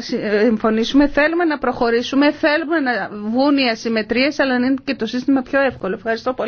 θα ε, συμφωνήσουμε. Θέλουμε να προχωρήσουμε, θέλουμε να βγουν οι ασυμμετρίες, αλλά είναι και το σύστημα πιο εύκολο. Ευχαριστώ πολύ.